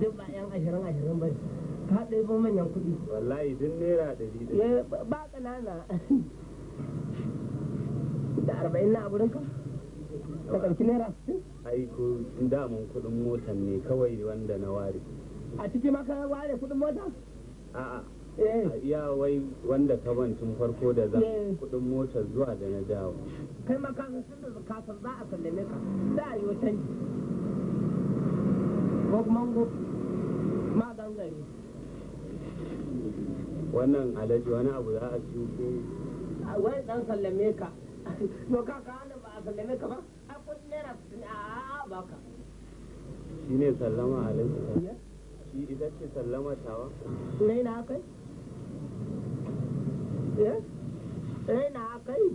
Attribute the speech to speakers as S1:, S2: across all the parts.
S1: duk ba yan ashirin ashirin ba ka manyan kuɗi wallahi naira ɗari eh, ba ƙanana da arba'in na ka ka ɗauki naira ai ko damun kuɗin motan ne kawai wanda na ware a ciki ma ware kuɗin mota a'a Eh. iya wai wanda ka ban tun farko da zan eh. kudin motar zuwa da na dawo kai ma sun da zukatar za a sallame ka za a yi wa canji ko kuma ngo ma gangare wannan alaji wani abu za a ci ko wai dan sallame ka to ka ka ba a sallame ka ba a kudin naira a baka shine sallama alaji shi ita ce sallama tawa ne na kai eh na kai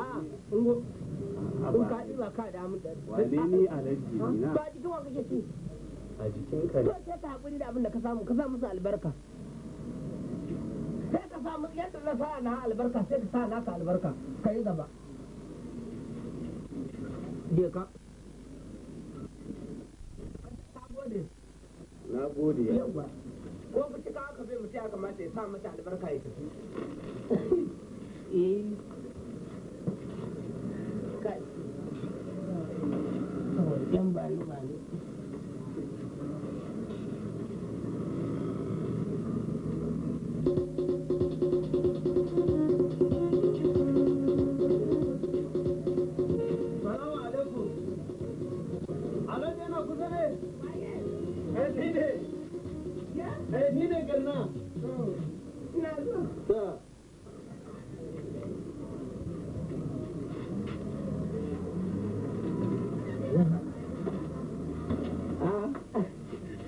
S1: a in ka ɗiba ka da ni alaji na ba jikin wa kake ci a jikin ka to sai ka da abin da ka samu ka albarka sai ka samu yadda na sa na albarka sai ka sa na ka albarka gaba je ka na gode yawa irin mutum ya kamata ya sa mata albarka ya tafi yan eh. bani bani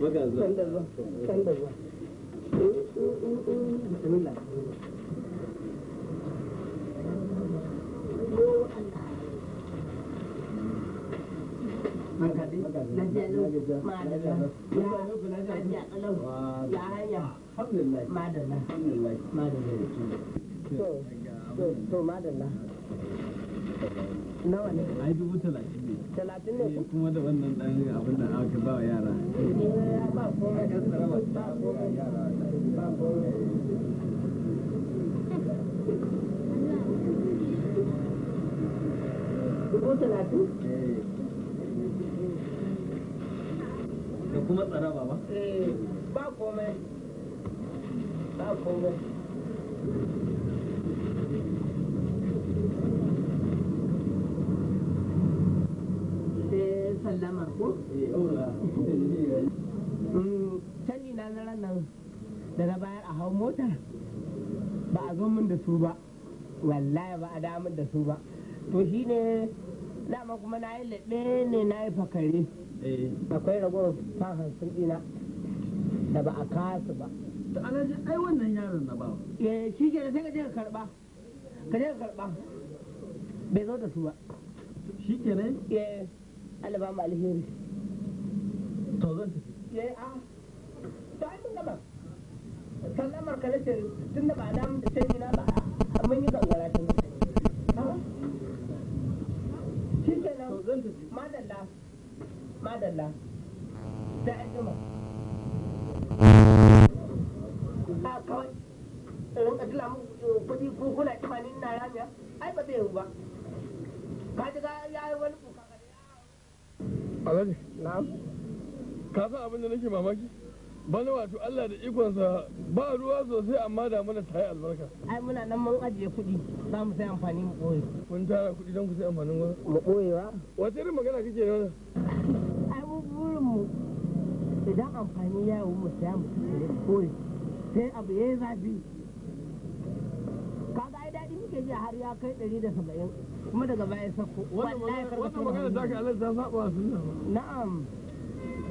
S1: madalla madalla to madalla nawa ne ai dubu talatin ne talatin ne eh, kuma da wannan dan abin da aka ba wa yara ba ko ba ko ba ko dubu talatin eh. da kuma tsaraba ba eh, ba komai ba komai canji na na nan da na bayar a hau mota ba a zo min da su ba wallahi ba a damar da su ba to shi ne dama kuma na yi laɗe ne na yi fakari akwai ragowar fan hansun ina da ba a kasu ba to alhaji ai wannan yaron na ba eh shi ke da sai ka je ka karba ka je ka karba bai zo da su ba shi ke ne eh alaba mu alheri to zan tafi eh a to ai mun gama sallamar ka nace tun da ba da mu da sai na ba mun yi gangara tun shi kenan to zan tafi madalla madalla da an gama a kawai rinka tula mu eh, kuɗi ko kuna tunanin na ramiya ai ba zai yiwu ba ka ji ga alhaji na'am ka san abin da nake mamaki bana wato Allah da ikonsa ba ruwa sosai amma da mana ta yi albarka ai muna nan mun ajiye kuɗi za mu sai amfani mu ɓoye kun tara kuɗi don ku sai amfanin wani mu ɓoye ba Wace irin magana kake yi wannan ai mu burin mu idan amfani ya yi mu sai mu ɓoye sai abu ya yi zafi ya har ya kai ɗari da saba'in kuma daga baya sako wannan magana ta ka halatta saba sunna na'am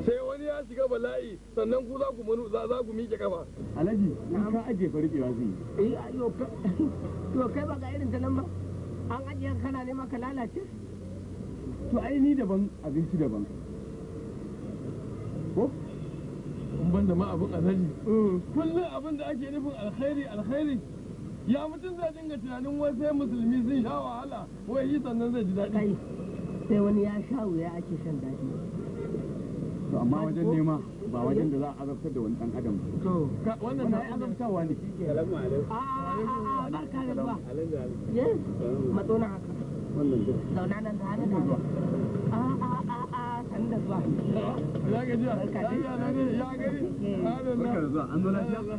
S1: sai wani ya shiga bala'i sannan ku za ku manu za za ku miƙe kafa alaji na ka aje farkewa zai eh ayo to kai ba ga irin ta nan ba an ajiye kana ne maka lalace to ai ni daban abinci daban ko in ban da ma abin alhaji mm. kullum abin da ake nufin alkhairi alkhairi ya mutum zai dinga tunanin wai sai musulmi sun sha wahala wai yi sannan zai ji daɗi sai wani ya sha wuya ake shan daɗi to amma wajen nema ba wajen da za a azabtar da wani dan adam ba to wannan na azabtawa ne salamu alaikum a ah, ah, ah, barka da ba yes matsona wannan zauna nan da da a a a san da zuwa ya gaji ya gaji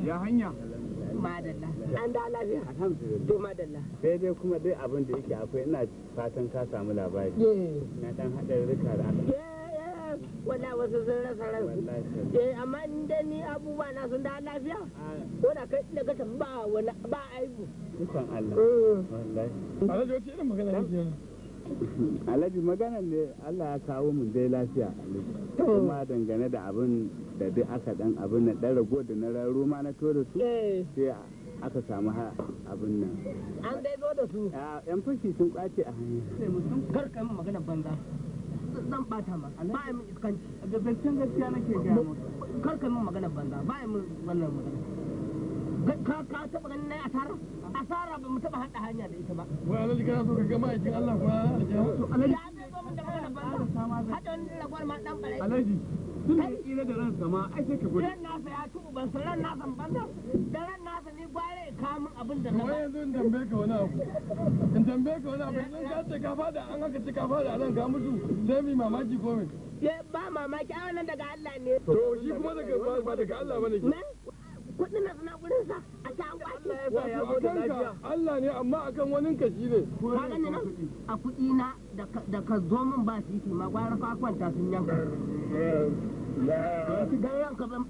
S1: ya gaji ya madalla an da lafiya to madalla sai dai kuma dai abin da yake akwai ina fatan ka samu labari na dan rika da wala wasu sun rasa eh amma ni abubuwa na sun da lafiya ko da kai daga ta ba ba aibu dukan Allah mm. wallahi a rajin wata irin magana alhaji maganan ne allah ya kawo mu dai lafiya kuma dangane da abin da duk aka dan abin na dan rago da na raro ma na to da su eh. sai aka samu ha abin nan an dai zo da su yan fushi sun kwace a hanyar sai mutum karka mu magana banza zan bata ma ba ya mun iskanci da zancen gaskiya nake ga karka mu magana banza ba ya mun wannan magana ka taba ganin na asarar asara ba mu taba hada hanya da ita ba wai alhaji kana so ka ga ma'aikin Allah fa alhaji ya zai zo mun da magana ba hada wani lagwar ma dan bare alhaji tun da kira da ransa ma ai sai ka gudu ran nasa ya tubu ban san ran nasa ban da ran nasa ni gware ka min abin da na wai yanzu in tambaye ka wani abu in tambaye ka wani abu in ka ce ka fada an haka ce ka fada nan ka mutu sai mi mamaki ko me eh, ba mamaki a wannan daga Allah ne to shi kuma daga ba daga Allah bane kudin na gurin sa a ta wato Allah ne amma akan wani kashi ne nan a kudi na da ka zo min ba su yi ma gwara ka kwanta sun yanka dan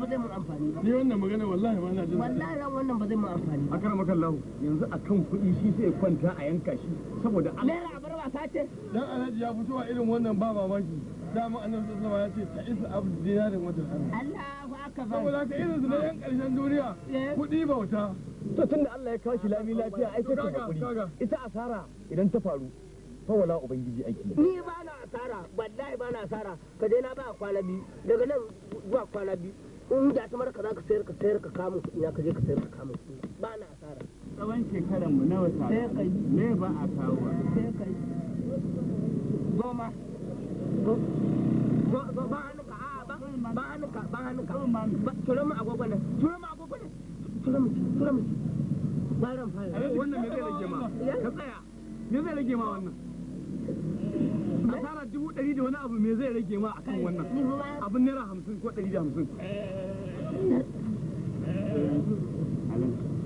S1: ba zai mun amfani ba ni wannan magana wallahi ma na jin wallahi ran wannan ba zai mun amfani ba akara makallahu yanzu akan kudi shi sai kwanta a yanka shi saboda Allah wasa ce dan alhaji ya fito a irin wannan ba mamaki dama annabi sallallahu alaihi wasallam ya ce ta'isa abdu dinarin wata Allahu akbar saboda haka irin su na yan karshen duniya eh. kudi bauta to tunda Allah ya kawo shi lami lafiya ai sai hakuri ita asara idan ta faru fa wala ubangiji aiki ni ba na asara wallahi ba na asara ka je na ba kwana daga nan zuwa kwana biyu in da ta mara ka za ka sayar ka sayar ka kamun kuɗi na ka je ka sayar ka kamun ba na asara tsawon shekaran mu nawa ta me ba a kawo goma ba hannuka a ba ba hannuka ba hannuka ba turo mu agogo ne. turo mu agogo ne. turo mu turo mu bayan fara wannan me zai rage ma ka tsaya me zai rage ma wannan asara dubu ɗari da wani abu me zai rage ma akan wannan eh. abin naira hamsin ko ɗari da hamsin
S2: eh.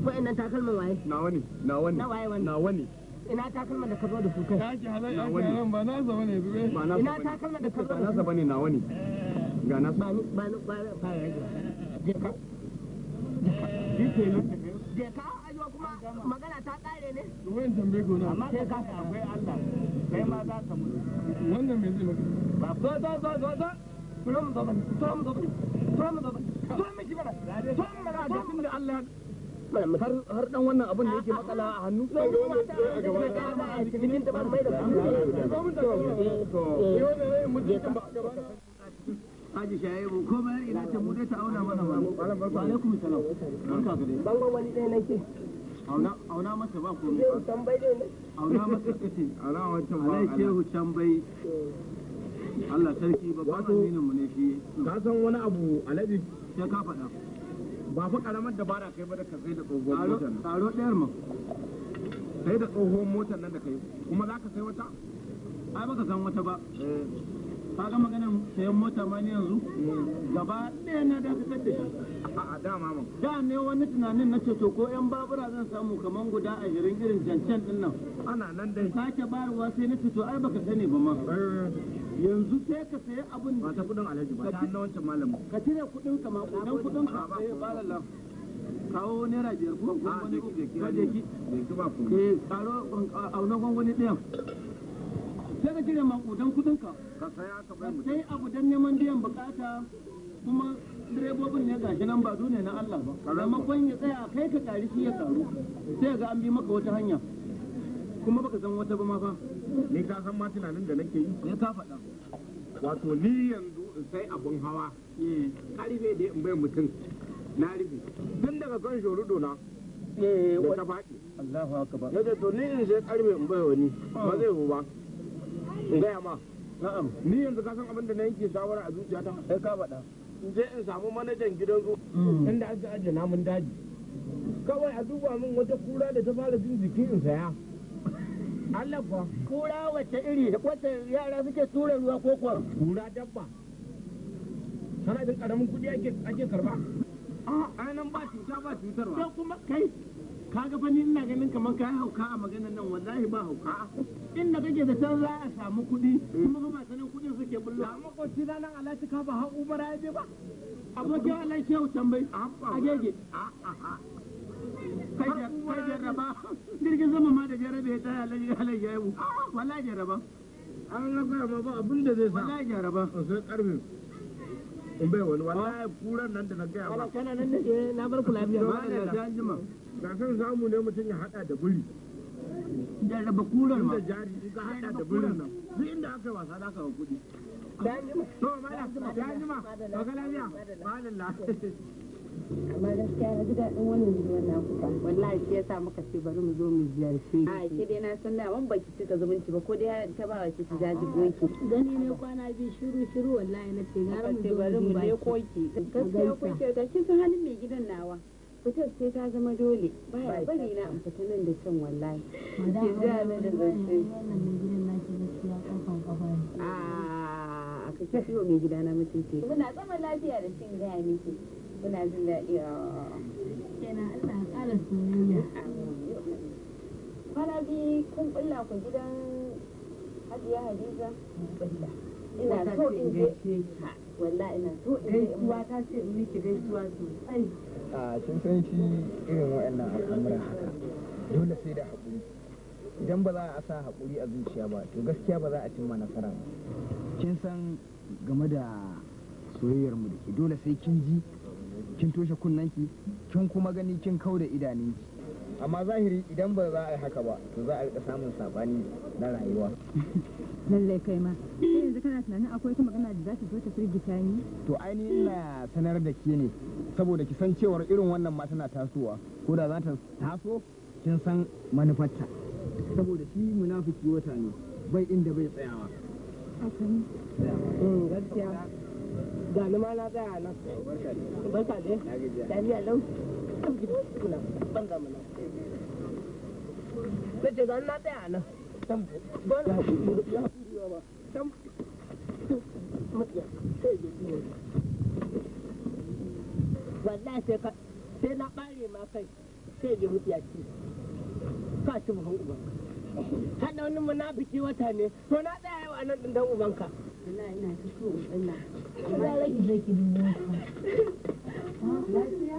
S1: wa'annan takalman waye nawa ne nawa ne nawa ne nawa ne ina takalman da ka zo da su kai ba na zaba ne zube ina takalman da ka zo da na zaba ne nawa ne ga na ba ni ba ni ba je ka je ka ayo kuma magana ta kare ne wayan tambaye amma ka akwai Allah kai ma za ka mutu wannan me zai maka ba zo zo zo zo zo da ban, da ban, turam da ban, turam da ban, turam har dan wannan abin da yake matsala a hannu sai ga a gaba da ta ba mai da eh, Haji Shaibu, ko ina ta mu dai ta auna mana ba. Wa alaikum salam. Barka dai. Bangon wani nake. Auna auna ba tambayi ne. Auna kace. wancan ba. Alai Shehu tambayi. Eh. Allah sarki babban aminin mu ne shi. Ka san wani abu alaji. Sai ka faɗa. ba fa karamar dabara kai ba da ka sai da tsohuwar motar nan tsaro ɗayar ma sai da tsohuwar motar nan da kai kuma za ka sai wata ai baka san wata ba eh. kaga maganar sayan mota ma ne yanzu gaba ɗaya na dakatar da shi a dama mun da ne wani tunanin na ceto ko yan babura zan samu kamar guda ashirin irin jancan din nan ana nan dai sake bayarwa sai na ceto ai baka sani ba ma eh. yanzu sai ka sayi abin ba ta kudin alhaji ba ta wancan ka cire kudin ka ma kudin kudin ka sai ba lalla eh, kawo naira biyar ko gwangwani ke ka je ki eh karo auna gwangwani ɗayan sai ka cire makudan kudin ka sai abu dan neman biyan bukata kuma direbobin ne gashi nan ba dole na Allah ba amma maimakon ya tsaya kai ka kari shi ya karu sai ga an bi maka wata hanya kuma baka san wata ba ma fa ni ka san ma tunanin da nake yi ya ka faɗa wato ni yanzu sai abun hawa eh. karfe da in bai mutum na rufe tun daga kan shorudo na eh, da ta faɗi Allahu akbar yace to ni in sai karfe in bai wani ba zai ba in gaya ma na'am ni yanzu ka san abin da na yanke shawara a zuciyata sai ka faɗa in je in samu manajan gidan zu hmm. inda aka ajiye namun daji kawai a duba min wata kura da ta fara jin jiki in saya Allah kuwa kura wacce iri wacce yara suke tura ruwa ko kuwa kura dabba kana jin karamin kuɗi ake ake karba a ah, nan ba cuta ba cutarwa ko kuma kai kaga fa ni ina ganin kamar ka hauka a maganar nan wallahi ba hauka inda kake da can za a samu kuɗi kuma ga masu nan kuɗin suke bullo a makwabci na nan alhaji ka ba har umara ya je ba abokin alhaji shehu tambayi a gege kai jarraba girgin zama ma da jarrabe ya tsaya alhaji ya yi mu wala jarraba an lafiya ma ba abin da zai sa wala jarraba sai karfe in bai wani wallahi kuran nan da na gaya ba kana nan da na bar ku lafiya ma da ta jima ga san samu ne mutum ya hada da buri da raba kurar ma da jari ka da burin nan duk inda aka wasa da aka ga kudi to mala ya ji ma to kala biya malalla amma gaskiya na ji daɗin wannan zuwa na kuka wallahi shi yasa muka ce bari mu zo mu ziyarce a ke dai na san da ban baki cika zumunci ba ko dai ta ba wace ki zaji goki gani ne kwana bi shiru shiru wallahi na ce gara mu zo mu bari mu ne koki gaskiya koki ga kin san halin mai gidan nawa fitar sai ta zama dole baya bari na in fita nan da can wallahi ki da ah, a ciwo mai gida na muna zama lafiya da cin gaya miki muna jin daɗi a ah, ah, kenan Allah ƙara soyayya kun ku gidan Hajiya Hadiza
S2: ina so in je
S1: wallahi ina so gaisuwa ta ce in miki gaisuwa sosai a kin san shi irin waɗannan al'amuran haka dole sai da haƙuri idan ba za a sa haƙuri a zuciya ba to gaskiya ba za a cimma nasara ba kin san game da soyayyar mu da ke dole sai kin ji kin toshe kunnanki kin kuma gani kin kau da idanunki amma zahiri idan ba za a yi haka ba to za a rika samun sabani na rayuwa lallai kai ma yanzu kana tunanin akwai wata magana da za ta zo ta firgita ni to ainihin ina sanar da ke ne saboda ki san cewar irin wannan ma tana tasowa ko da za ta taso kin san manufarta saboda shi munafiki wata ne bai inda bai tsayawa mm, gaskiya ga ma kuna ban da na ce ga na tsaya nan ban ya yi sai ka sai na ɓare ma kai sai ya mutiya ci ka ci buhun ubanka har da wani munafiki wata ne to na tsaya yau a nan ɗin dan Allah ina so amma dubo ka lafiya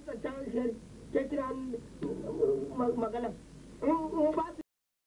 S1: ta magana in ba